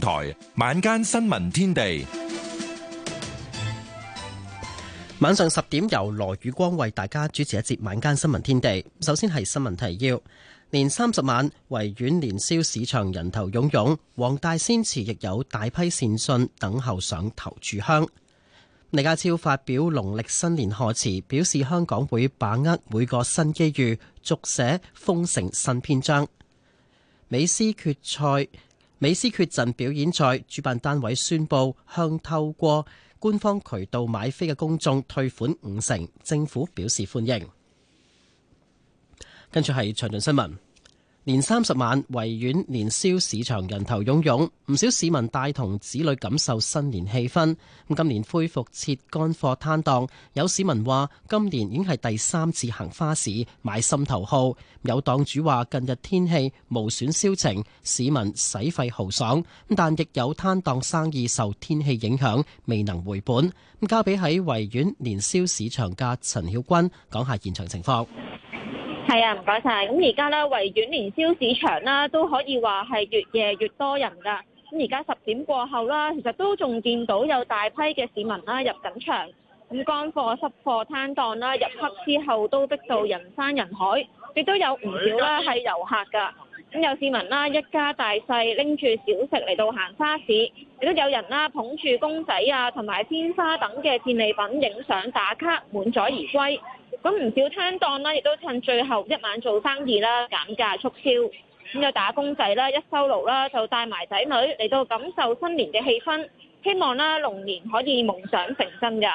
台晚間新聞天地，晚上十點由羅宇光為大家主持一節晚間新聞天地。首先係新聞提要，年三十晚維園年宵市場人頭湧湧，黃大仙祠亦有大批善信等候上頭柱香。李家超發表農曆新年賀詞，表示香港會把握每個新機遇，續寫豐盛新篇章。美斯決賽。美斯缺陣表演賽，主辦單位宣布向透過官方渠道買飛嘅公眾退款五成，政府表示歡迎。跟住係詳盡新聞。年三十晚，維園年宵市場人頭湧湧，唔少市民帶同子女感受新年氣氛。今年恢復設乾貨攤檔，有市民話今年已經係第三次行花市買心頭好。有檔主話近日天氣無損銷情，市民使費豪爽。但亦有攤檔生意受天氣影響未能回本。交俾喺維園年宵市場嘅陳曉君講下現場情況。係啊，唔該晒。咁而家咧，維園年宵市場啦，都可以話係越夜越多人㗎。咁而家十點過後啦，其實都仲見到有大批嘅市民啦入緊場。咁乾貨、濕貨攤檔啦，入黑之後都逼到人山人海，亦都有唔少啦係遊客㗎。咁有市民啦、啊，一家大細拎住小食嚟到行花市，亦都有人啦、啊、捧住公仔啊，同埋鮮花等嘅戰利品影相打卡，滿載而歸。咁唔少攤檔啦，亦都趁最後一晚做生意啦、啊，減價促銷。咁有打工仔啦、啊，一收爐啦、啊，就帶埋仔女嚟到感受新年嘅氣氛，希望啦、啊、龍年可以夢想成真㗎。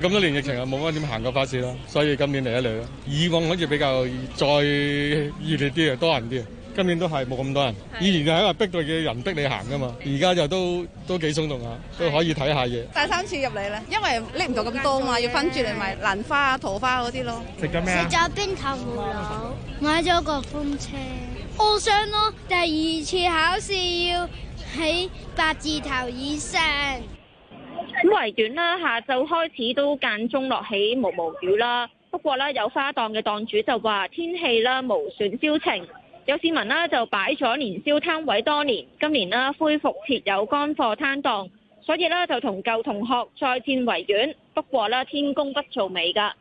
咁多年疫情啊，冇乜點行過花市咯，所以今年嚟一嚟，以往好似比較再熱烈啲啊，多人啲啊。今年都係冇咁多人，以前就係因為逼到嘅人逼你行噶嘛，而家就都都幾鬆動下、啊，都可以睇下嘢。第三次入嚟咧，因為拎唔到咁多嘛，要分住嚟賣蘭花啊、桃花嗰啲咯。食緊咩？食咗冰糖葫蘆，買咗個風車。我想咯，第二次考試要喺八字頭以上。咁圍短啦、啊，下晝開始都間中落起毛毛雨啦。不過咧、啊，有花檔嘅檔主就話天氣啦、啊，無損銷情。有市民呢就擺咗年宵攤位多年，今年呢恢復設有乾貨攤檔，所以呢就同舊同學再戰維園。不過呢，天公不造美㗎。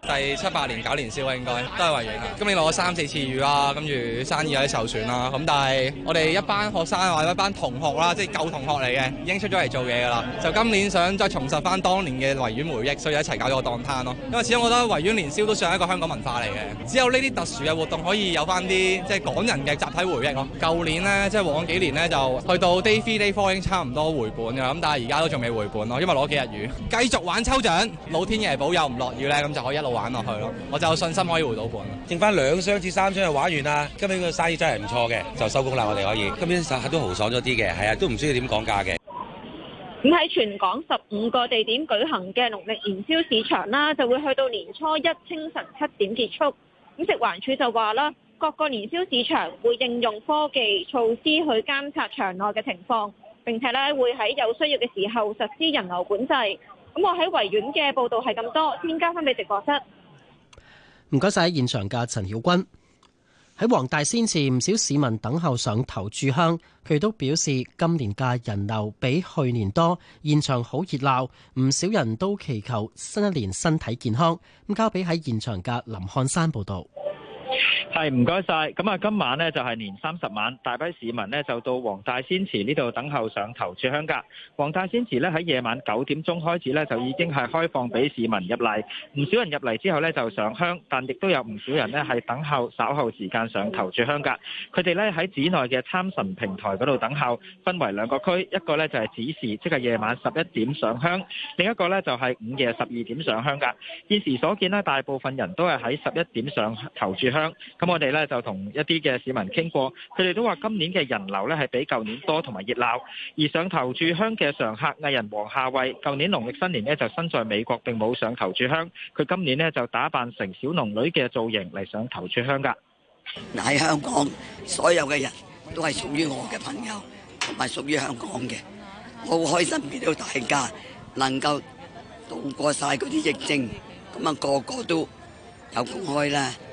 第七八年搞年宵啊，應該都係維園啊。今年落咗三四次雨啦，跟住生意有啲受損啦。咁但係我哋一班學生或者一班同學啦，即係舊同學嚟嘅，已經出咗嚟做嘢噶啦。就今年想再重拾返當年嘅維園回憶，所以一齊搞咗個檔攤咯。因為始終我覺得維園年宵都算係一個香港文化嚟嘅。只有呢啲特殊嘅活動可以有返啲即係港人嘅集體回憶咯。舊年呢，即係往幾年呢，就去到 day three day four 已經差唔多回本㗎咁，但係而家都仲未回本咯，因為攞幾日雨。繼續玩抽獎，老天爺保佑唔落雨呢，咁就可以一玩落去咯，我就有信心可以回到盤，剩返兩箱至三箱就玩完啦。今日個生意真係唔錯嘅，就收工啦。我哋可以，今日實客都豪爽咗啲嘅，係啊，都唔知點講價嘅。咁喺全港十五個地點舉行嘅農曆年宵市場啦，就會去到年初一清晨七點結束。咁食環署就話啦，各個年宵市場會應用科技措施去監察場內嘅情況，並且咧會喺有需要嘅時候實施人流管制。咁我喺維園嘅報道係咁多，先交翻俾直播室。唔該晒喺現場嘅陳曉君。喺黃大仙前，唔少市民等候上頭炷香，佢都表示今年嘅人流比去年多，現場好熱鬧，唔少人都祈求新一年身體健康。咁交俾喺現場嘅林漢山報道。係唔該晒，咁啊今晚呢，就係、是、年三十晚，大批市民呢，就到黃大仙祠呢度等候上頭柱香噶。黃大仙祠呢，喺夜晚九點鐘開始呢，就已經係開放俾市民入嚟，唔少人入嚟之後呢，就上香，但亦都有唔少人呢，係等候稍後時間上頭柱香噶。佢哋呢，喺寺內嘅參神平台嗰度等候，分為兩個區，一個呢，就係、是、子時，即係夜晚十一點上香；另一個呢，就係、是、午夜十二點上香噶。現時所見呢，大部分人都係喺十一點上頭柱香。咁我哋咧就同一啲嘅市民傾過，佢哋都話今年嘅人流咧係比舊年多同埋熱鬧。而上頭炷香嘅常客藝人黃夏蕙，舊年農曆新年咧就身在美國並冇上頭炷香，佢今年咧就打扮成小農女嘅造型嚟上頭炷香㗎。喺香港，所有嘅人都係屬於我嘅朋友同埋屬於香港嘅，好開心見到大家能夠渡過晒嗰啲疫症，咁啊個個都有公開啦。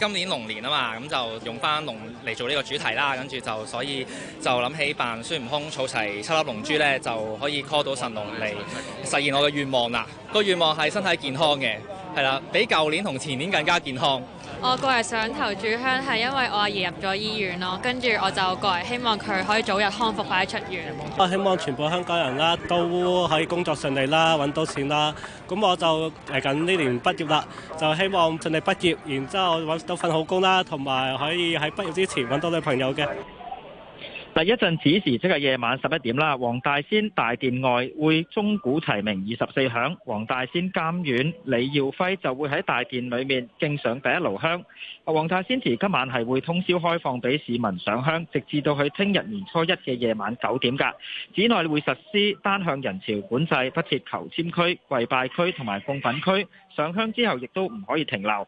今年龍年啊嘛，咁就用翻龍嚟做呢個主題啦。跟住就所以就諗起扮孫悟空，儲齊七粒龍珠呢，就可以 call 到神龍嚟實現我嘅願望啦。個願望係身體健康嘅，係啦，比舊年同前年更加健康。我過嚟想上頭炷香係因為我阿爺入咗醫院咯，跟住我就過嚟希望佢可以早日康復快啲出院。我希望全部香港人啦，都可以工作順利啦，揾到錢啦。咁我就嚟緊呢年畢業啦，就希望盡力畢業，然之後揾到份好工啦，同埋可以喺畢業之前揾到女朋友嘅。一陣子時即係夜晚十一點啦，黃大仙大殿外會鐘鼓齊鳴二十四響，黃大仙監院李耀輝就會喺大殿裏面敬上第一爐香。黃大仙祠今晚係會通宵開放俾市民上香，直至到去聽日年初一嘅夜晚九點噶寺內會實施單向人潮管制，不設求簽區、跪拜區同埋供品區。上香之後亦都唔可以停留。嗇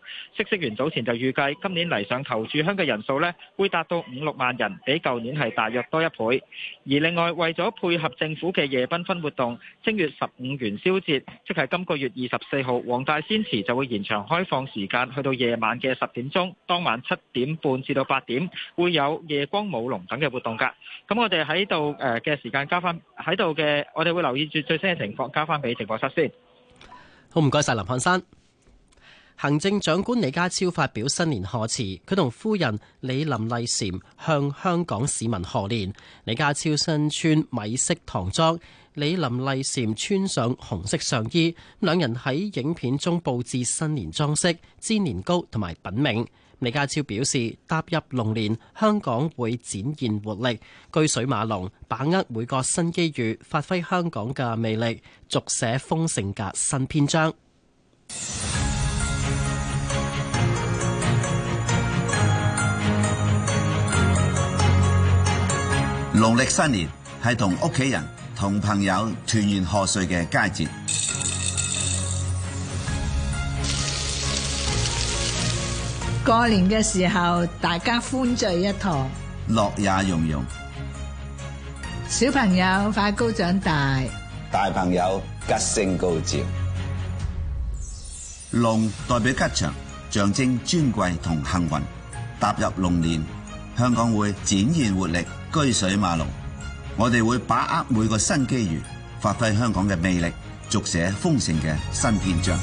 色園早前就預計，今年嚟，上求住香嘅人數咧，會達到五六萬人，比舊年係大約多一倍。而另外為咗配合政府嘅夜繽紛活動，正月十五元宵節，即係今個月二十四號，黃大仙祠就會延長開放時間，去到夜晚嘅十點鐘。當晚七點半至到八點會有夜光舞龍等嘅活動噶，咁我哋喺度誒嘅時間交翻喺度嘅，我哋會留意住最新嘅情況，交翻俾直播室先。好，唔該晒林漢山。行政長官李家超發表新年賀詞，佢同夫人李林麗嬋向香港市民賀年。李家超身穿米色唐裝。李林麗嬋穿上紅色上衣，兩人喺影片中布置新年裝飾、煎年糕同埋品茗。李家超表示，踏入龍年，香港會展現活力，車水馬龍，把握每個新機遇，發揮香港嘅魅力，續寫豐盛嘅新篇章。農曆新年係同屋企人。同朋友團圓賀歲嘅佳節，過年嘅時候大家歡聚一堂，樂也融融。小朋友快高長大，大朋友吉星高照。龍代表吉祥，象徵尊貴同幸運。踏入龍年，香港會展現活力，居水馬龍。我哋會把握每個新機遇，發揮香港嘅魅力，續寫豐盛嘅新篇章。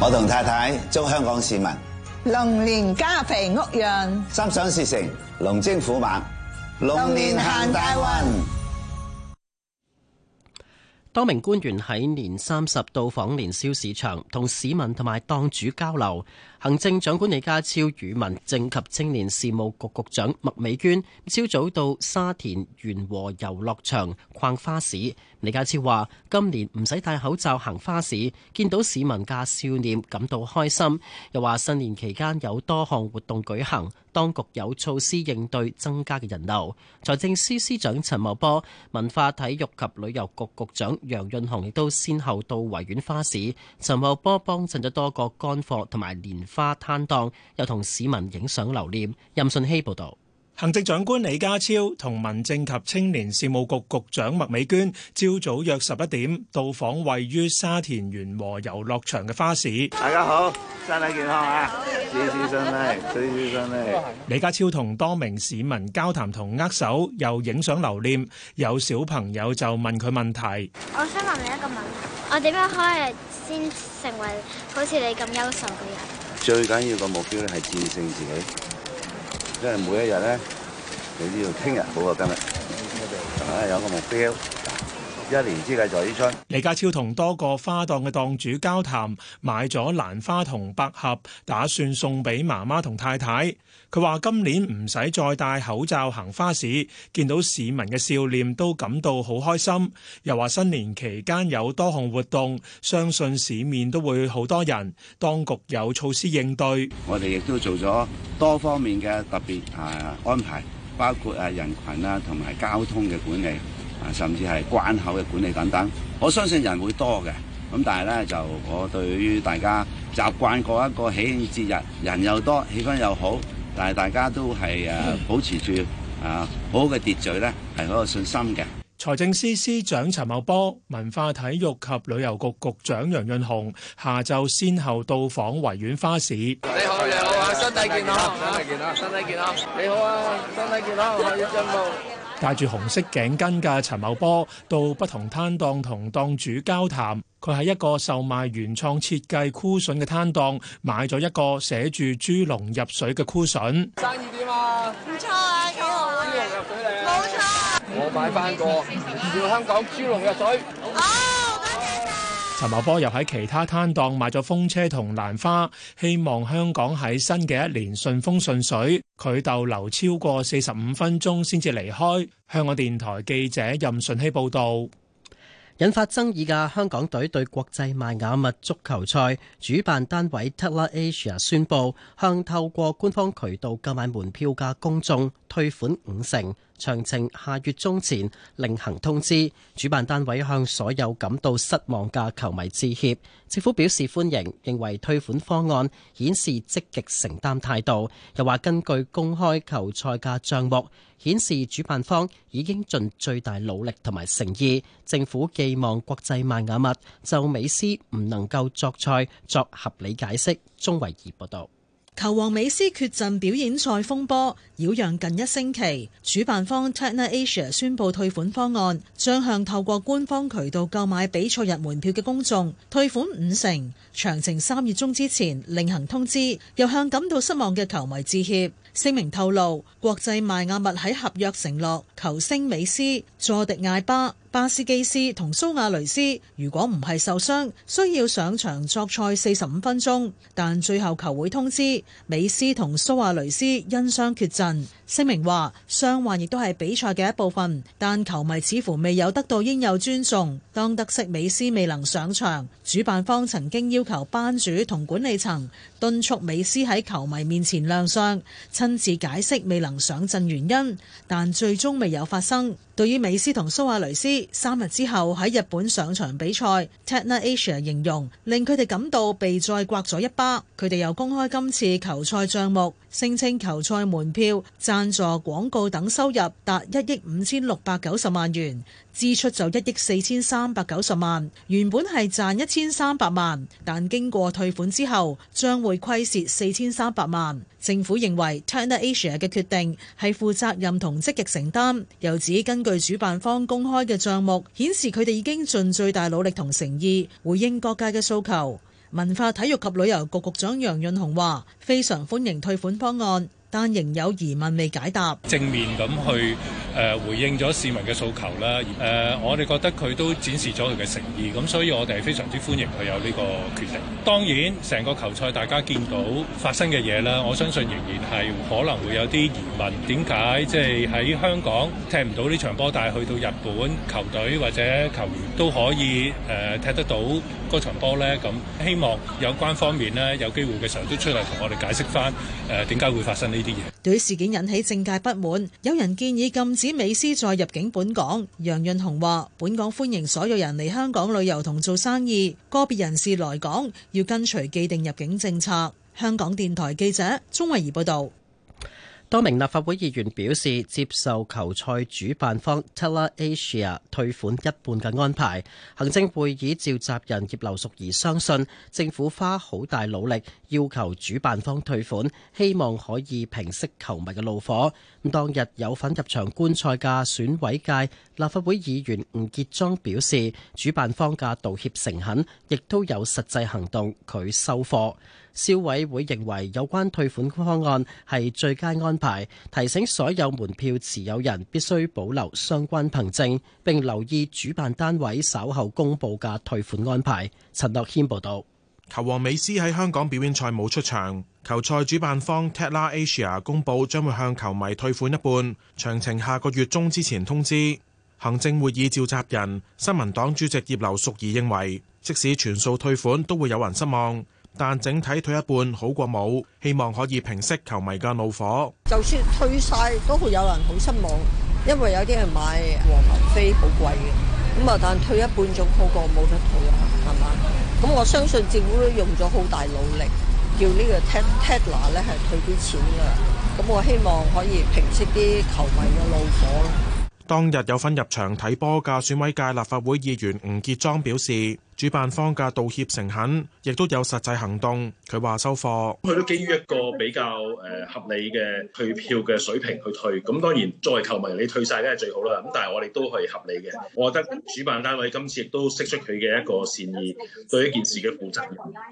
我同太太祝香港市民龍年家肥屋潤，心想事成，龍精虎猛。龍年行大運。多名官員喺年三十到訪年宵市場，同市民同埋檔主交流。行政長官李家超與民政及青年事務局局長麥美娟朝早到沙田元和遊樂場逛花市。李家超話：今年唔使戴口罩行花市，見到市民嘅笑臉感到開心。又話新年期間有多項活動舉行，當局有措施應對增加嘅人流。財政司司長陳茂波、文化體育及旅遊局局長楊潤雄亦都先後到維園花市。陳茂波幫襯咗多個乾貨同埋年花攤檔又同市民影相留念。任信希報道。行政長官李家超同民政及青年事務局局長麥美娟朝早約十一點到訪位於沙田源禾遊樂場嘅花市。大家好，身體健康啊！注意身體，注意身體。李家超同多名市民交談同握手，又影相留念。有小朋友就問佢問題。我想問你一個問題，我點樣可以先成為好似你咁優秀嘅人？最緊要嘅目標咧係戰勝自己，因為每一日咧，你都要聽日好過今日，係咪？有個目標？一年之計在於春。李家超同多個花檔嘅檔主交談，買咗蘭花同百合，打算送俾媽媽同太太。佢話今年唔使再戴口罩行花市，見到市民嘅笑臉都感到好開心。又話新年期間有多項活動，相信市面都會好多人。當局有措施應對，我哋亦都做咗多方面嘅特別啊安排，包括啊人群啊同埋交通嘅管理。啊，甚至係關口嘅管理等等，我相信人會多嘅。咁但係咧，就我對於大家習慣過一個喜慶節日，人又多，氣氛又好，但係大家都係誒保持住啊好嘅秩序咧，係好有信心嘅。財政司司長陳茂波、文化體育及旅遊局局長楊潤雄下晝先後到訪維園花市。你好，你好啊！身體健康，身體健康，身體健康。你好啊！身體健康，我要進步。戴住紅色頸巾嘅陳茂波到不同攤檔同檔主交談，佢喺一個售賣原創設計 cushion 嘅攤檔買咗一個寫住豬籠入水嘅 cushion。生意點啊？唔錯，啊，幾號啊？幾號入水嚟啊！冇錯，啊，我買翻個香港豬籠入水。好啊陳茂波又喺其他攤檔買咗風車同蘭花，希望香港喺新嘅一年順風順水。佢逗留超過四十五分鐘先至離開。香港電台記者任順熙報道。引發爭議嘅香港隊對國際邁阿密足球賽主辦單位 Tala Asia 宣佈，向透過官方渠道購買門票嘅公眾退款五成。詳情下月中前另行通知。主辦單位向所有感到失望嘅球迷致歉。政府表示歡迎，認為退款方案顯示積極承擔態度。又話根據公開球賽嘅賬目，顯示主辦方已經盡最大努力同埋誠意。政府寄望國際邁阿密就美斯唔能夠作賽作合理解釋。鍾偉儀報道。球王美斯缺陣表演賽風波擾攘近一星期，主辦方 Tatler Asia 宣布退款方案，將向透過官方渠道購買比賽日門票嘅公眾退款五成，詳情三月中之前另行通知，又向感到失望嘅球迷致歉。聲明透露，國際麥亞密喺合約承諾，球星美斯、佐迪艾巴、巴斯基斯同蘇亞雷斯，如果唔係受傷，需要上場作賽四十五分鐘，但最後球會通知，美斯同蘇亞雷斯因傷缺陣。聲明話：傷患亦都係比賽嘅一部分，但球迷似乎未有得到應有尊重。當得悉美斯未能上場，主辦方曾經要求班主同管理層敦促美斯喺球迷面前亮相，親自解釋未能上陣原因，但最終未有發生。對於美斯同蘇亞雷斯三日之後喺日本上場比賽，Tatler Asia 形容令佢哋感到被再刮咗一巴。佢哋又公開今次球賽帳目，聲稱球賽門票、贊助廣告等收入達一億五千六百九十萬元。支出就一億四千三百九十萬，原本係賺一千三百萬，但經過退款之後，將會虧蝕四千三百萬。政府認為 Tatler Asia 嘅決定係負責任同積極承擔，又指根據主辦方公開嘅賬目顯示，佢哋已經盡最大努力同誠意回應各界嘅訴求。文化體育及旅遊局局長楊潤雄話：非常歡迎退款方案。但仍有疑問未解答，正面咁去誒回應咗市民嘅訴求啦。誒，我哋覺得佢都展示咗佢嘅誠意，咁所以我哋係非常之歡迎佢有呢個決定。當然，成個球賽大家見到發生嘅嘢啦，我相信仍然係可能會有啲疑問，點解即係喺香港踢唔到呢場波，但係去到日本球隊或者球員都可以誒踢得到嗰場波咧？咁希望有關方面咧有機會嘅時候都出嚟同我哋解釋翻誒點解會發生呢？對事件引起政界不滿，有人建議禁止美斯再入境本港。楊潤雄話：本港歡迎所有人嚟香港旅遊同做生意，個別人士來港要跟隨既定入境政策。香港電台記者鍾慧儀報道。多名立法會議員表示接受球賽主辦方 Tatler Asia 退款一半嘅安排。行政會議召集人葉劉淑儀相信政府花好大努力要求主辦方退款，希望可以平息球迷嘅怒火。當日有份入場觀賽嘅選委界立法會議員吳傑莊表示，主辦方嘅道歉誠懇，懇，亦都有實際行動，佢收貨。消委會認為有關退款方案係最佳安排，提醒所有門票持有人必須保留相關憑證，並留意主辦單位稍後公布嘅退款安排。陳樂謙報道。球王美斯喺香港表演賽冇出場，球賽主辦方 Tatler Asia 公布將會向球迷退款一半，詳情下個月中之前通知。行政會議召集人，新聞黨主席葉劉淑儀認為，即使全數退款，都會有人失望。但整體退一半好過冇，希望可以平息球迷嘅怒火。就算退晒都會有人好失望，因為有啲人買黃牛飛好貴嘅，咁啊但退一半仲好過冇得退呀，係嘛？咁我相信政府都用咗好大努力，叫呢個 Tatler 咧係退啲錢嘅，咁我希望可以平息啲球迷嘅怒火。當日有份入場睇波嘅選委界立法會議員吳傑莊表示，主辦方嘅道歉誠懇，亦都有實際行動。佢話收貨，佢都基於一個比較誒合理嘅退票嘅水平去退。咁當然，作為球迷，你退晒梗係最好啦。咁但係我哋都係合理嘅。我覺得主辦單位今次亦都釋出佢嘅一個善意，對一件事嘅負責，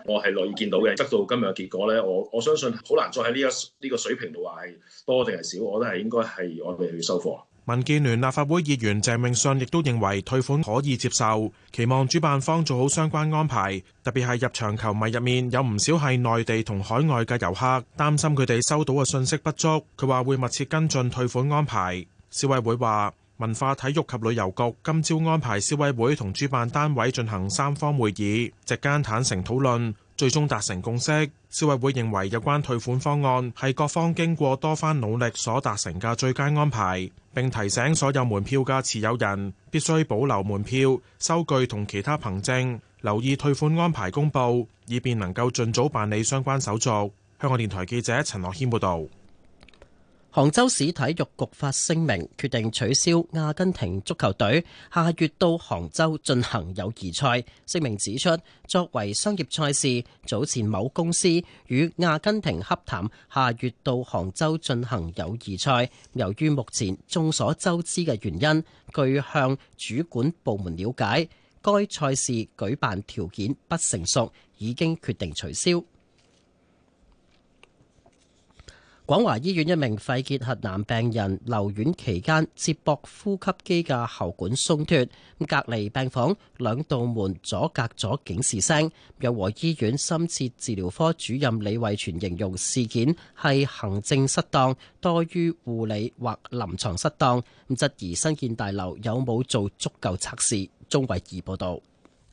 我係樂意見到嘅。得到今日嘅結果咧，我我相信好難再喺呢一呢個水平度話係多定係少，我覺得係應該係我哋去收貨。民建聯立法會議員鄭泳舜亦都認為退款可以接受，期望主辦方做好相關安排，特別係入場球迷入面有唔少係內地同海外嘅遊客，擔心佢哋收到嘅信息不足。佢話會密切跟進退款安排。消委會話，文化體育及旅遊局今朝安排消委會同主辦單位進行三方會議，席間坦誠討論。最終達成共識，消委會認為有關退款方案係各方經過多番努力所達成嘅最佳安排，並提醒所有門票嘅持有人必須保留門票、收據同其他憑證，留意退款安排公佈，以便能夠盡早辦理相關手續。香港電台記者陳樂軒報導。杭州市體育局發聲明，決定取消阿根廷足球隊下月到杭州進行友誼賽，聲明指出，作為商業賽事，早前某公司與阿根廷洽談下月到杭州進行友誼賽，由於目前眾所周知嘅原因，據向主管部門了解，該賽事舉辦條件不成熟，已經決定取消。廣華醫院一名肺結核男病人留院期間接駁呼吸機嘅喉管鬆脱，隔離病房兩道門阻隔咗警示聲。養和醫院深切治療科主任李慧全形容事件係行政失當多於護理或臨床失當，質疑新建大樓有冇做足夠測試。鍾偉儀報道。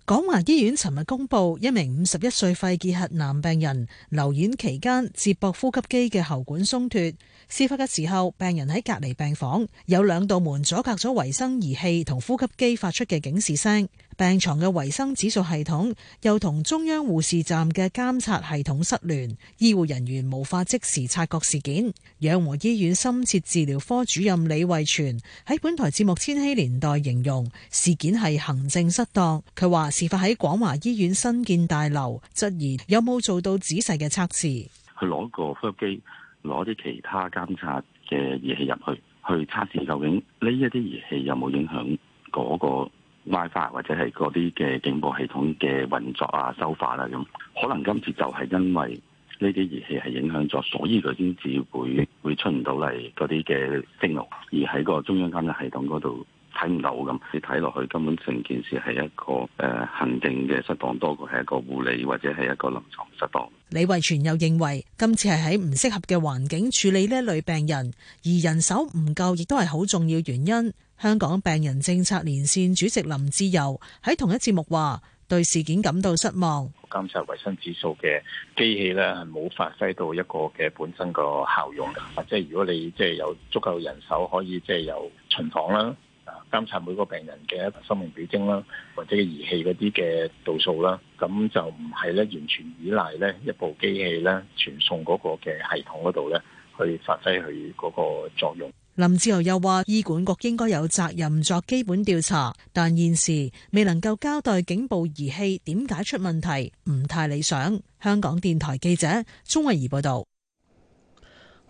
廣華醫院尋日公布，一名五十一歲肺結核男病人留院期間接駁呼吸機嘅喉管鬆脱，事發嘅時候病人喺隔離病房，有兩道門阻隔咗維生儀器同呼吸機發出嘅警示聲。病床嘅衛生指數系統又同中央護士站嘅監察系統失聯，醫護人員無法即時察覺事件。養和醫院深切治療科主任李惠全喺本台節目《千禧年代》形容事件係行政失當。佢話事發喺廣華醫院新建大樓，質疑有冇做到仔細嘅測試。去攞個呼吸機，攞啲其他監察嘅儀器入去，去測試究竟呢一啲儀器有冇影響嗰個。wifi 或者係嗰啲嘅警報系統嘅運作啊、修法啦咁，可能今次就係因為呢啲儀器係影響咗，所以佢先至會會出唔到嚟嗰啲嘅聲號，而喺個中央監察系統嗰度睇唔到咁，你睇落去根本成件事係一個誒行政嘅失當，多過係一個護理或者係一個臨床失當。李慧泉又認為今次係喺唔適合嘅環境處理呢一類病人，而人手唔夠亦都係好重要原因。香港病人政策連線主席林志友喺同一節目話，對事件感到失望。監察衛生指數嘅機器咧，係冇發揮到一個嘅本身個效用嘅。即係如果你即係有足夠人手，可以即係由巡房啦，啊，監察每個病人嘅一個生命表徵啦，或者儀器嗰啲嘅度數啦，咁就唔係咧完全依賴咧一部機器咧傳送嗰個嘅系統嗰度咧去發揮佢嗰個作用。林志豪又話：醫管局應該有責任作基本調查，但現時未能夠交代警報儀器點解出問題，唔太理想。香港電台記者鍾慧儀報道。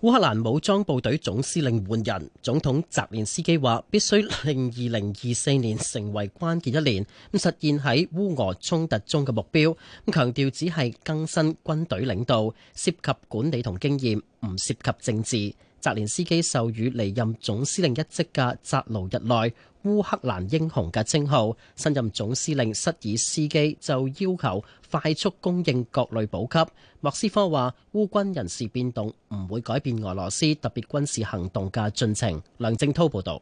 烏克蘭武裝部隊總司令換人，總統澤連斯基話：必須令二零二四年成為關鍵一年，咁實現喺烏俄衝突中嘅目標。咁強調只係更新軍隊領導，涉及管理同經驗，唔涉及政治。澤連斯基授予離任總司令一職嘅扎盧日內烏克蘭英雄嘅稱號。新任總司令失爾斯基就要求快速供應各類補給。莫斯科話烏軍人事變動唔會改變俄羅斯特別軍事行動嘅進程。梁正濤報道。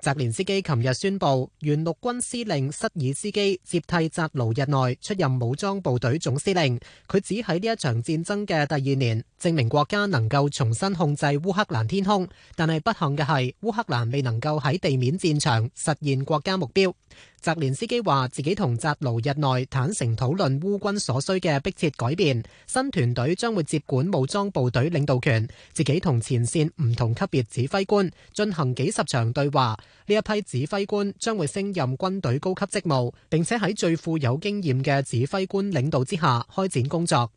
澤連斯基琴日宣佈，原陸軍司令失爾斯基接替扎盧日內出任武裝部隊總司令。佢指喺呢一場戰爭嘅第二年，證明國家能夠重新控制烏克蘭天空，但係不幸嘅係，烏克蘭未能夠喺地面戰場實現國家目標。澤連斯基話：自己同扎盧日內坦誠討論烏軍所需嘅迫切改變，新團隊將會接管武裝部隊領導權。自己同前綫唔同級別指揮官進行幾十場對話。呢一批指揮官將會升任軍隊高級職務，並且喺最富有經驗嘅指揮官領導之下開展工作。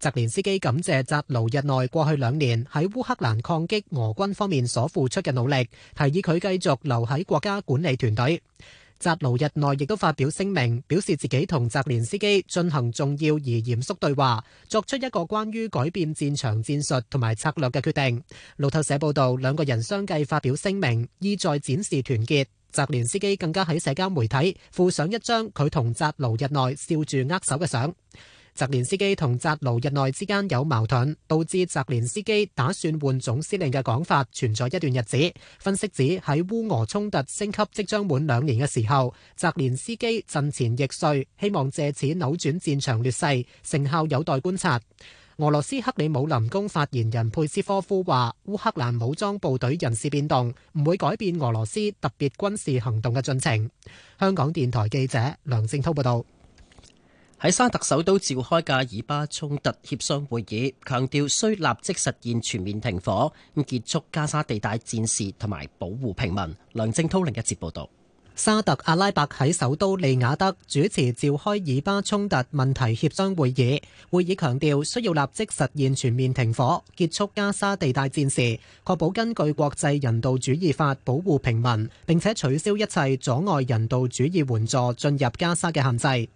澤連斯基感謝扎盧日內過去兩年喺烏克蘭抗擊俄軍方面所付出嘅努力，提議佢繼續留喺國家管理團隊。扎盧日內亦都發表聲明，表示自己同澤連斯基進行重要而嚴肅對話，作出一個關於改變戰場戰術同埋策略嘅決定。路透社報導，兩個人相繼發表聲明，意在展示團結。澤連斯基更加喺社交媒體附上一張佢同扎盧日內笑住握手嘅相。澤連斯基同扎盧日內之間有矛盾，導致澤連斯基打算換總司令嘅講法存在一段日子。分析指喺烏俄衝突升級即將滿兩年嘅時候，澤連斯基陣前易帥，希望借此扭轉戰場劣勢，成效有待觀察。俄羅斯克里姆林宮發言人佩斯科夫話：烏克蘭武裝部隊人事變動唔會改變俄羅斯特別軍事行動嘅進程。香港電台記者梁正濤報道。喺沙特首都召開嘅以巴衝突協商會議，強調需立即實現全面停火，咁結束加沙地帶戰事，同埋保護平民。梁正濤另一節報道，沙特阿拉伯喺首都利雅德主持召開以巴衝突問題協商會議。會議強調需要立即實現全面停火，結束加沙地帶戰事，確保根據國際人道主義法保護平民，並且取消一切阻礙人道主義援助進入加沙嘅限制。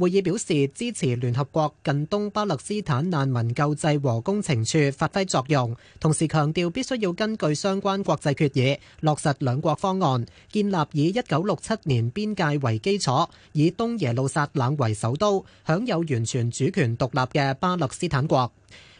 會議表示支持聯合國近東巴勒斯坦難民救濟和工程處發揮作用，同時強調必須要根據相關國際決議，落實兩國方案，建立以一九六七年邊界為基礎，以東耶路撒冷為首都，享有完全主權獨立嘅巴勒斯坦國。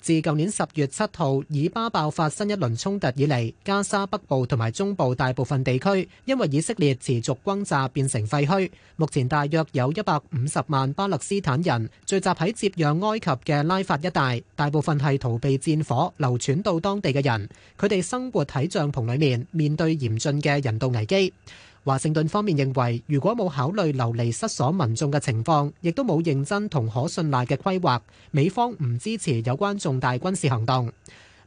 自舊年十月七號以巴爆發新一輪衝突以嚟，加沙北部同埋中部大部分地區因為以色列持續轟炸變成廢墟。目前大約有一百五十萬巴勒斯坦人聚集喺接壤埃及嘅拉法一帶，大部分係逃避戰火流傳到當地嘅人，佢哋生活喺帳篷裏面，面對嚴峻嘅人道危機。華盛頓方面認為，如果冇考慮流離失所民眾嘅情況，亦都冇認真同可信賴嘅規劃，美方唔支持有關重大軍事行動。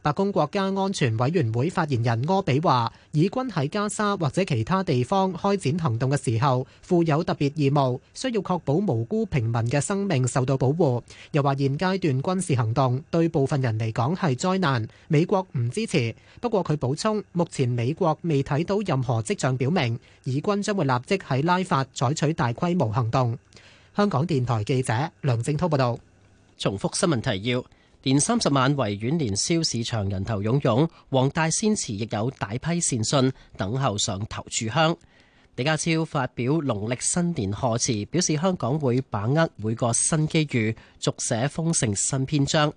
白宮國家安全委員會發言人柯比話，以軍喺加沙或者其他地方開展行動嘅時候，負有特別義務，需要確保無辜平民嘅生命受到保護。又話現階段軍事行動對部分人嚟講係災難，美國唔支持。不過佢補充，目前美國未睇到任何跡象表明，以軍將會立即喺拉法採取大規模行動。香港電台記者梁正濤報道。重復新聞提要。年三十晚維園年宵市場人頭湧湧，黃大仙祠亦有大批善信等候上頭炷香。李家超發表農曆新年賀詞，表示香港會把握每個新機遇，續寫豐盛新篇章。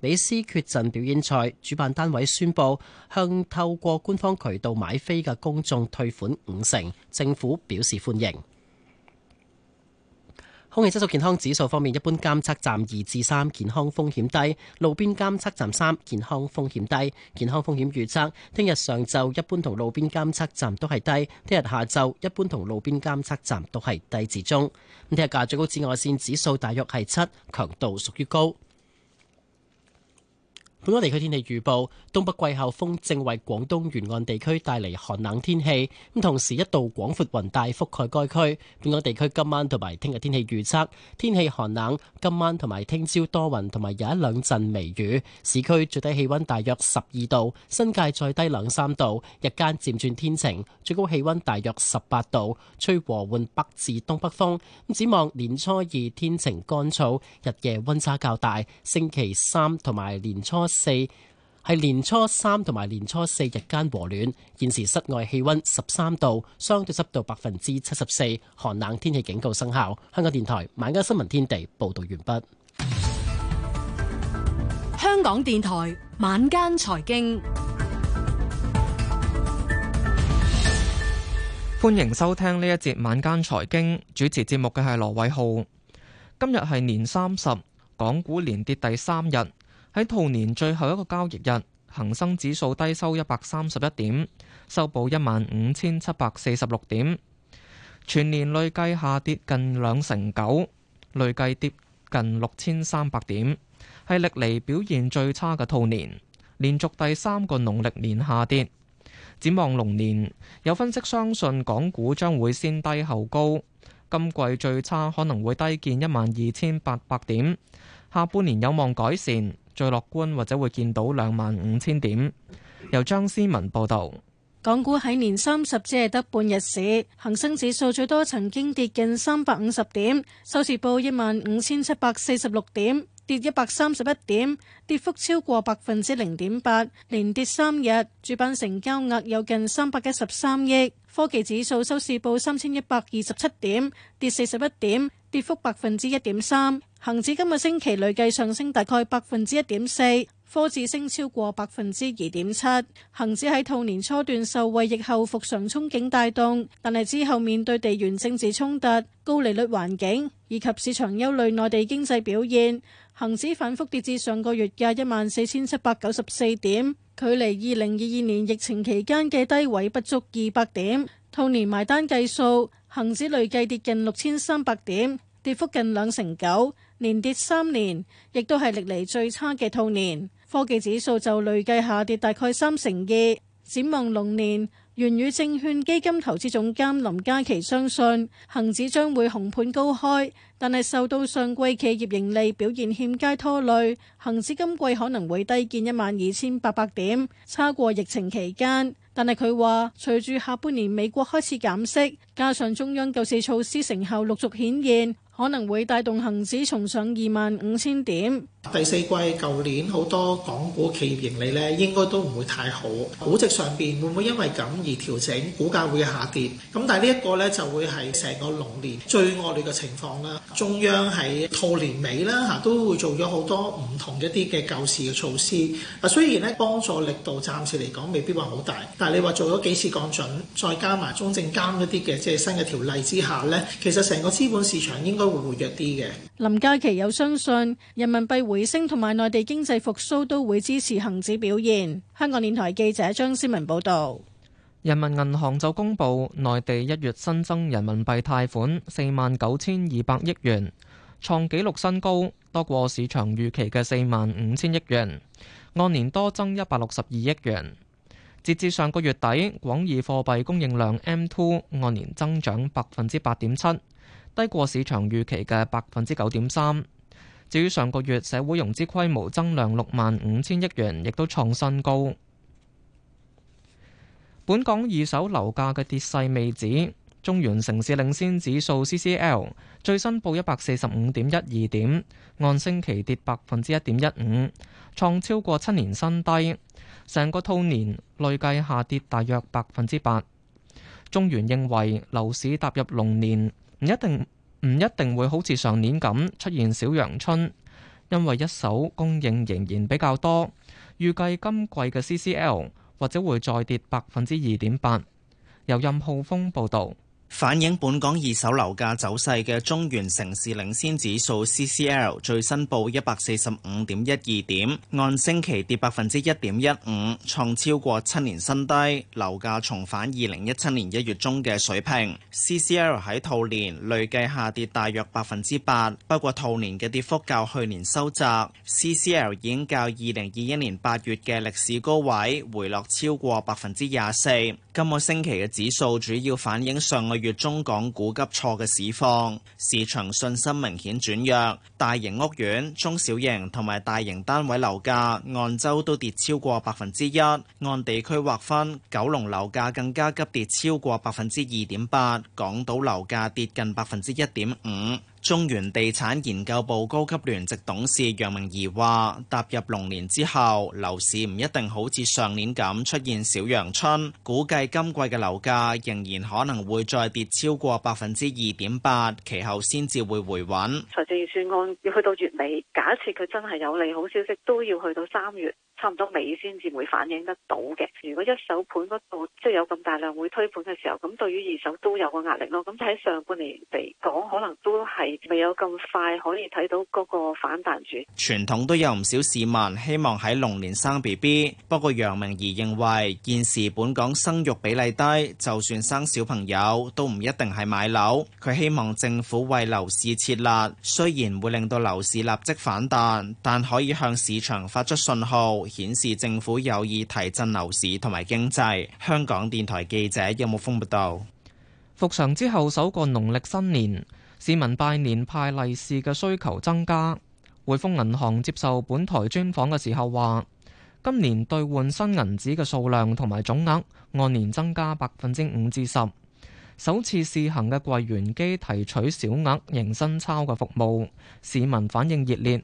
美斯缺陣表演賽，主辦單位宣佈向透過官方渠道買飛嘅公眾退款五成，政府表示歡迎。空氣質素健康指數方面，一般監測站二至三，健康風險低；路邊監測站三，健康風險低。健康風險預測：聽日上晝一般同路邊監測站都係低；聽日下晝一般同路邊監測站都係低至中。咁聽日嘅最高紫外線指數大約係七，強度屬於高。本港地區天氣預報，東北季候風正為廣東沿岸地區帶嚟寒冷天氣，咁同時一道廣闊雲帶覆蓋該區。本港地區今晚同埋聽日天氣預測，天氣寒冷，今晚同埋聽朝多雲同埋有一兩陣微雨。市區最低氣溫大約十二度，新界再低兩三度，日間漸轉天晴，最高氣溫大約十八度，吹和緩北至東北風。咁展望年初二天晴乾燥，日夜溫差較大，星期三同埋年初四係年初三同埋年初四日間和暖，現時室外氣温十三度，相對濕度百分之七十四，寒冷天氣警告生效。香港電台晚間新聞天地報道完畢。香港電台晚間財經，歡迎收聽呢一節晚間財經，主持節目嘅係羅偉浩。今日係年三十，港股連跌第三日。喺兔年最後一個交易日，恒生指數低收一百三十一點，收報一萬五千七百四十六點，全年累計下跌近兩成九，累計跌近六千三百點，係歷嚟表現最差嘅兔年，連續第三個農曆年下跌。展望龍年，有分析相信港股將會先低後高，今季最差可能會低見一萬二千八百點，下半年有望改善。再樂觀或者會見到兩萬五千點。由張思文報導，港股喺年三十只係得半日市，恒生指數最多曾經跌近三百五十點，收市報一萬五千七百四十六點，跌一百三十一點，跌幅超過百分之零點八，連跌三日。主板成交額有近三百一十三億，科技指數收市報三千一百二十七點，跌四十一點，跌幅百分之一點三。恒指今個星期累計上升大概百分之一點四，科指升超過百分之二點七。恒指喺兔年初段受惠疫後復常憧憬帶動，但係之後面對地緣政治衝突、高利率環境以及市場憂慮內地經濟表現，恒指反覆跌至上個月嘅一萬四千七百九十四點，距離二零二二年疫情期間嘅低位不足二百點。兔年埋單計數，恒指累計跌近六千三百點，跌幅近兩成九。連跌三年，亦都係歷嚟最差嘅兔年。科技指數就累計下跌大概三成二。展望龍年，元宇證券基金投資總監林嘉琪相信，恒指將會紅盤高開，但係受到上季企業盈利表現欠佳拖累，恒指今季可能會低見一萬二千八百點，差過疫情期間。但係佢話，隨住下半年美國開始減息，加上中央救市措施成效陸續顯現。可能會帶動恒指重上二萬五千點。第四季舊年好多港股企業盈利咧，應該都唔會太好。估值上邊會唔會因為咁而調整，股價會下跌？咁但係呢一個咧就會係成個龍年最惡劣嘅情況啦。中央喺兔年尾啦嚇都會做咗好多唔同一啲嘅救市嘅措施。啊，雖然咧幫助力度暫時嚟講未必話好大，但係你話做咗幾次降準，再加埋中證監一啲嘅即係新嘅條例之下咧，其實成個資本市場應該。都會活躍啲嘅。林嘉琪又相信人民幣回升同埋內地經濟復甦都會支持恒指表現。香港電台記者張思文報道。人民銀行就公布，內地一月新增人民幣貸款四萬九千二百億元，創紀錄新高，多過市場預期嘅四萬五千億元，按年多增一百六十二億元。截至上個月底，廣義貨幣供應量 M2 按年增長百分之八點七。低過市場預期嘅百分之九點三。至於上個月社會融資規模增量六萬五千億元，亦都創新高。本港二手樓價嘅跌勢未止，中原城市領先指數 （CCL） 最新報一百四十五點一二點，按星期跌百分之一點一五，創超過七年新低。成個兔年累計下跌大約百分之八。中原認為樓市踏入龍年。唔一定，唔一定會好似上年咁出現小陽春，因為一手供應仍然比較多。預計今季嘅 CCL 或者會再跌百分之二點八。由任浩峰報道。反映本港二手樓價走勢嘅中原城市領先指數 CCL 最新報一百四十五點一二點，按星期跌百分之一點一五，創超過七年新低，樓價重返二零一七年一月中嘅水平。CCL 喺兔年累計下跌大約百分之八，不過兔年嘅跌幅較去年收窄。CCL 已經較二零二一年八月嘅歷史高位回落超過百分之廿四，今個星期嘅指數主要反映上個月。月中港股急挫嘅市況，市場信心明顯轉弱。大型屋苑、中小型同埋大型單位樓價，按周都跌超過百分之一。按地區劃分，九龍樓價更加急跌超過百分之二點八，港島樓價跌近百分之一點五。中原地產研究部高級聯席董事楊明儀話，踏入龍年之後，樓市唔一定好似上年咁出現小陽春，估計今季嘅樓價仍然可能會再跌超過百分之二點八，其後先至會回穩。財政預算案要去到月尾，假設佢真係有利好消息，都要去到三月。差唔多尾先至會反映得到嘅。如果一手盤嗰度即係有咁大量會推盤嘅時候，咁對於二手都有個壓力咯。咁喺上半年嚟講，可能都係未有咁快可以睇到嗰個反彈住。傳統都有唔少市民希望喺龍年生 BB，不過楊明儀認為現時本港生育比例低，就算生小朋友都唔一定係買樓。佢希望政府為樓市設立，雖然會令到樓市立即反彈，但可以向市場發出信號。顯示政府有意提振樓市同埋經濟。香港電台記者邱木峯報道，復常之後首個農曆新年，市民拜年派利是嘅需求增加。匯豐銀行接受本台專訪嘅時候話，今年兌換新銀紙嘅數量同埋總額按年增加百分之五至十。首次試行嘅櫃員機提取小額迎新鈔嘅服務，市民反應熱烈。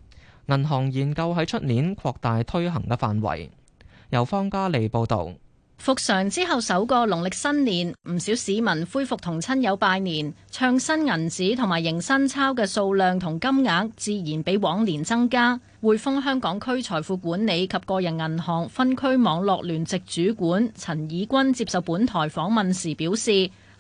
銀行研究喺出年擴大推行嘅範圍。由方家利報道。復常之後首個農曆新年，唔少市民恢復同親友拜年，唱新銀紙同埋迎新鈔嘅數量同金額自然比往年增加。匯豐香港區財富管理及個人銀行分區網絡聯席主管陳以軍接受本台訪問時表示，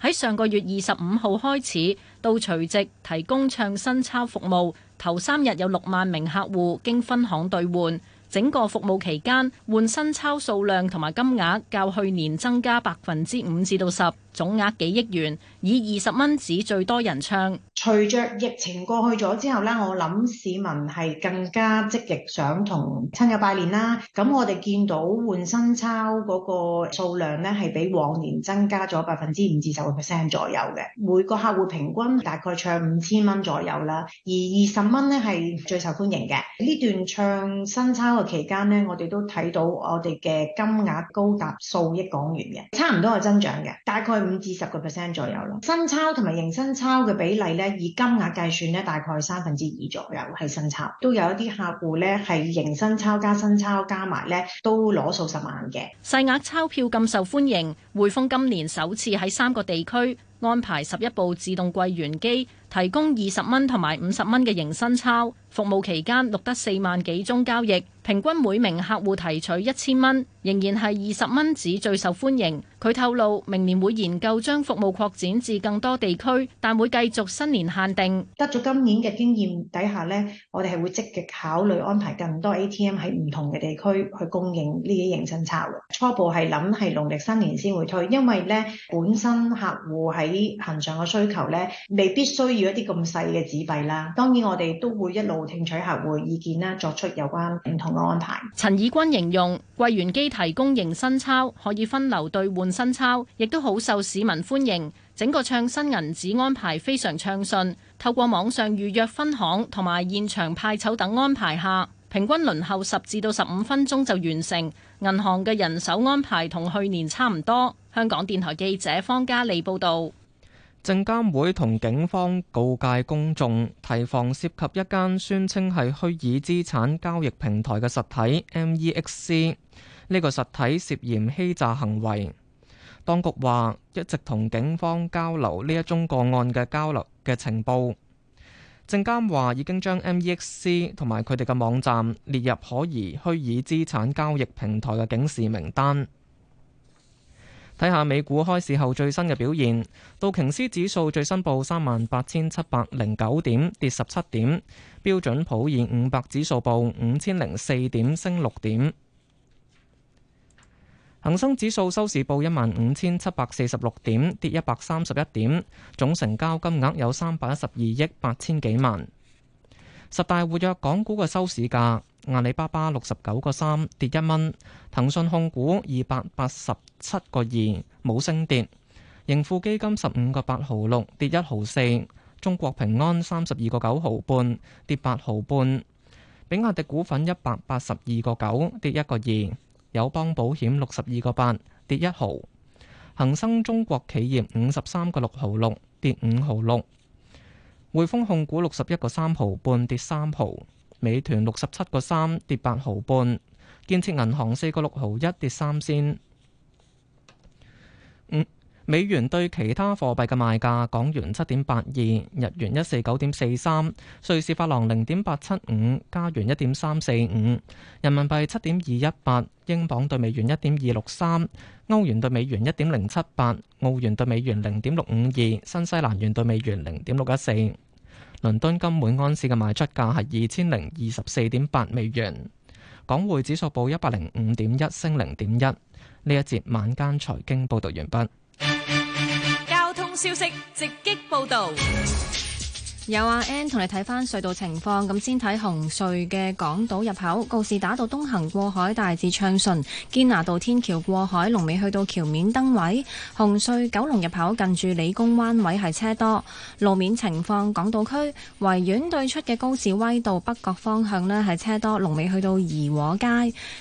喺上個月二十五號開始到除夕提供唱新鈔服務。頭三日有六萬名客戶經分行兌換，整個服務期間，換新鈔數量同埋金額較去年增加百分之五至到十。總額幾億元，以二十蚊紙最多人唱。隨着疫情過去咗之後咧，我諗市民係更加積極想同親友拜年啦。咁我哋見到換新鈔嗰個數量咧，係比往年增加咗百分之五至十個 percent 左右嘅。每個客戶平均大概唱五千蚊左右啦。而二十蚊咧係最受歡迎嘅。呢段唱新鈔嘅期間咧，我哋都睇到我哋嘅金額高達數億港元嘅，差唔多係增長嘅，大概。五至十個 percent 左右咯，新鈔同埋迎新鈔嘅比例咧，以金額計算咧，大概三分之二左右係新鈔，都有一啲客戶咧係迎新鈔加新鈔加埋咧，都攞數十萬嘅細額鈔票咁受歡迎，匯豐今年首次喺三個地區安排十一部自動櫃員機。提供二十蚊同埋五十蚊嘅迎新鈔，服務期間錄得四萬幾宗交易，平均每名客戶提取一千蚊，仍然係二十蚊紙最受歡迎。佢透露明年會研究將服務擴展至更多地區，但會繼續新年限定。得咗今年嘅經驗底下咧，我哋係會積極考慮安排更多 ATM 喺唔同嘅地區去供應呢啲迎新鈔。初步係諗係農曆新年先會推，因為咧本身客戶喺行上嘅需求咧未必需要。一啲咁細嘅紙幣啦，當然我哋都會一路聽取客戶意見啦，作出有關唔同嘅安排。陳以軍形容，櫃員機提供迎新鈔，可以分流兌換新鈔，亦都好受市民歡迎。整個唱新銀紙安排非常暢順，透過網上預約分行同埋現場派籌等安排下，平均輪候十至到十五分鐘就完成。銀行嘅人手安排同去年差唔多。香港電台記者方嘉莉報道。證監會同警方告誡公眾，提防涉及一間宣稱係虛擬資產交易平台嘅實體 MEXC，呢個實體涉嫌欺詐行為。當局話一直同警方交流呢一宗個案嘅交流嘅情報。證監話已經將 MEXC 同埋佢哋嘅網站列入可疑虛擬資產交易平台嘅警示名單。睇下美股開市後最新嘅表現，道瓊斯指數最新報三萬八千七百零九點，跌十七點；標準普爾五百指數報五千零四點，升六點。恒生指數收市報一萬五千七百四十六點，跌一百三十一點。總成交金額有三百一十二億八千幾萬。十大活躍港股嘅收市價。阿里巴巴六十九個三跌一蚊，騰訊控股二百八十七個二冇升跌，盈富基金十五個八毫六跌一毫四，中國平安三十二個九毫半跌八毫半，比亞迪股份一百八十二個九跌一個二，友邦保險六十二個八跌一毫，恒生中國企業五十三個六毫六跌五毫六，匯豐控股六十一個三毫半跌三毫。美團六十七個三跌八毫半，建設銀行四個六毫一跌三仙。嗯，美元對其他貨幣嘅賣價：港元七點八二，日元一四九點四三，瑞士法郎零點八七五，加元一點三四五，人民幣七點二一八，英鎊對美元一點二六三，歐元對美元一點零七八，澳元對美元零點六五二，新西蘭元對美元零點六一四。倫敦金每安士嘅賣出價係二千零二十四點八美元，港匯指數報 1, 一百零五點一，升零點一。呢一節晚間財經報道完畢。交通消息直擊報道。有阿 Ann 同你睇翻隧道情況，咁先睇紅隧嘅港島入口，告士打道東行過海大致暢順，堅拿道天橋過海，龍尾去到橋面燈位。紅隧九龍入口近住理工灣位係車多，路面情況港島區，維園對出嘅高士威道北角方向呢，係車多，龍尾去到怡和街，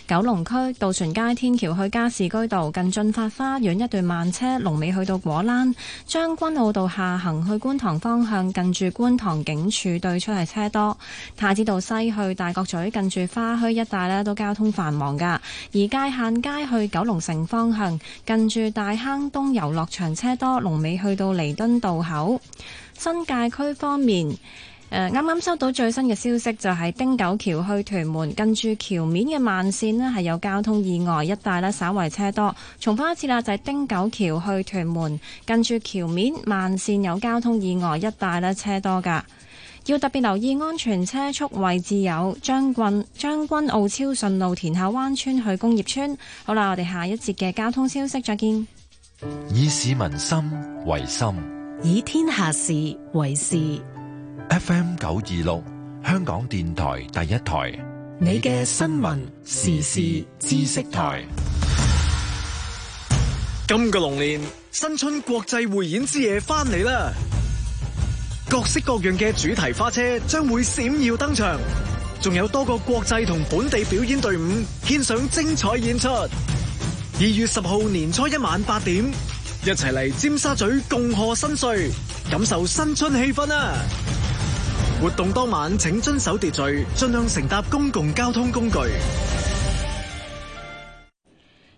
九龍區，渡船街天橋去加士居道近駿發花園一段慢車，龍尾去到果欄，將軍澳道下行去觀塘方向近住觀。唐警署對出係車多，太子道西去大角咀近住花墟一帶呢都交通繁忙噶。而界限街去九龍城方向近住大坑東遊樂場車多，龍尾去到彌敦道口。新界區方面。啱啱收到最新嘅消息，就係丁九橋去屯門，近住橋面嘅慢線咧，係有交通意外一帶咧，稍為車多。重複一次啦，就係丁九橋去屯門，近住橋面慢線有交通意外一帶咧，車多噶要特別留意安全車速位置，有將軍將軍澳超順路田下灣村去工業村。好啦，我哋下一節嘅交通消息再見。以市民心為心，以天下事為事。F M 九二六香港電台第一台，你嘅新聞時事知識台。今個龍年新春國際匯演之夜翻嚟啦！各式各樣嘅主題花車將會閃耀登場，仲有多個國際同本地表演隊伍獻上精彩演出。二月十號年初一晚八點，一齊嚟尖沙咀共賀新歲，感受新春氣氛啊！活動當晚，請遵守秩序，盡量乘搭公共交通工具。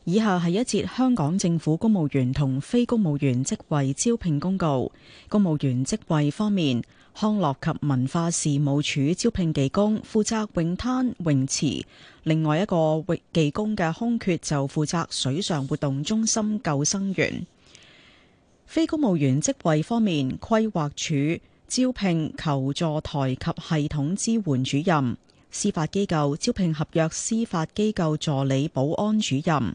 以下係一節香港政府公務員同非公務員職位招聘公告。公務員職位方面，康樂及文化事務署招聘技工，負責泳灘泳池；另外一個泳技工嘅空缺就負責水上活動中心救生員。非公務員職位方面，規劃署。招聘求助台及系統支援主任，司法機構招聘合約司法機構助理保安主任，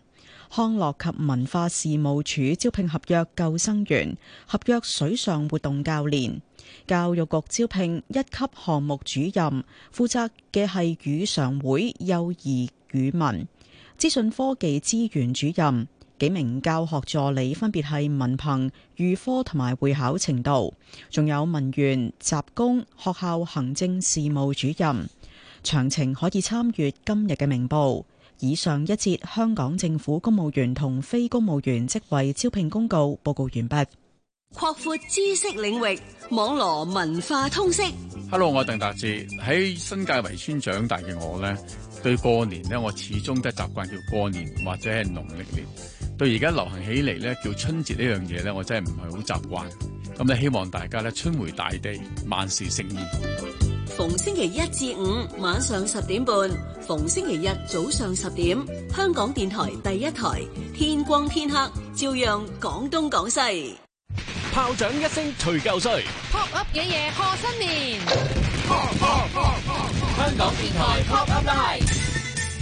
康樂及文化事務署招聘合約救生員、合約水上活動教練，教育局招聘一級項目主任，負責嘅係語常會、幼兒語文、資訊科技資源主任。幾名教學助理分別係文憑、預科同埋會考程度，仲有文員、雜工、學校行政事務主任。詳情可以參閱今日嘅明報。以上一節香港政府公務員同非公務員職位招聘公告報告完畢。擴闊知識領域，網羅文化通識。Hello，我係鄧達志。喺新界圍村長大嘅我呢，對過年呢，我始終都係習慣叫過年或者係農曆年。到而家流行起嚟咧叫春節呢樣嘢咧，我真係唔係好習慣。咁咧希望大家咧春回大地，萬事勝意。逢星期一至五晚上十點半，逢星期日早上十點，香港電台第一台，天光天黑，照樣講東講西，炮仗一聲除舊歲，撲笠嘢，夜賀新年，香港電台撲笠帶。Oh, oh, oh.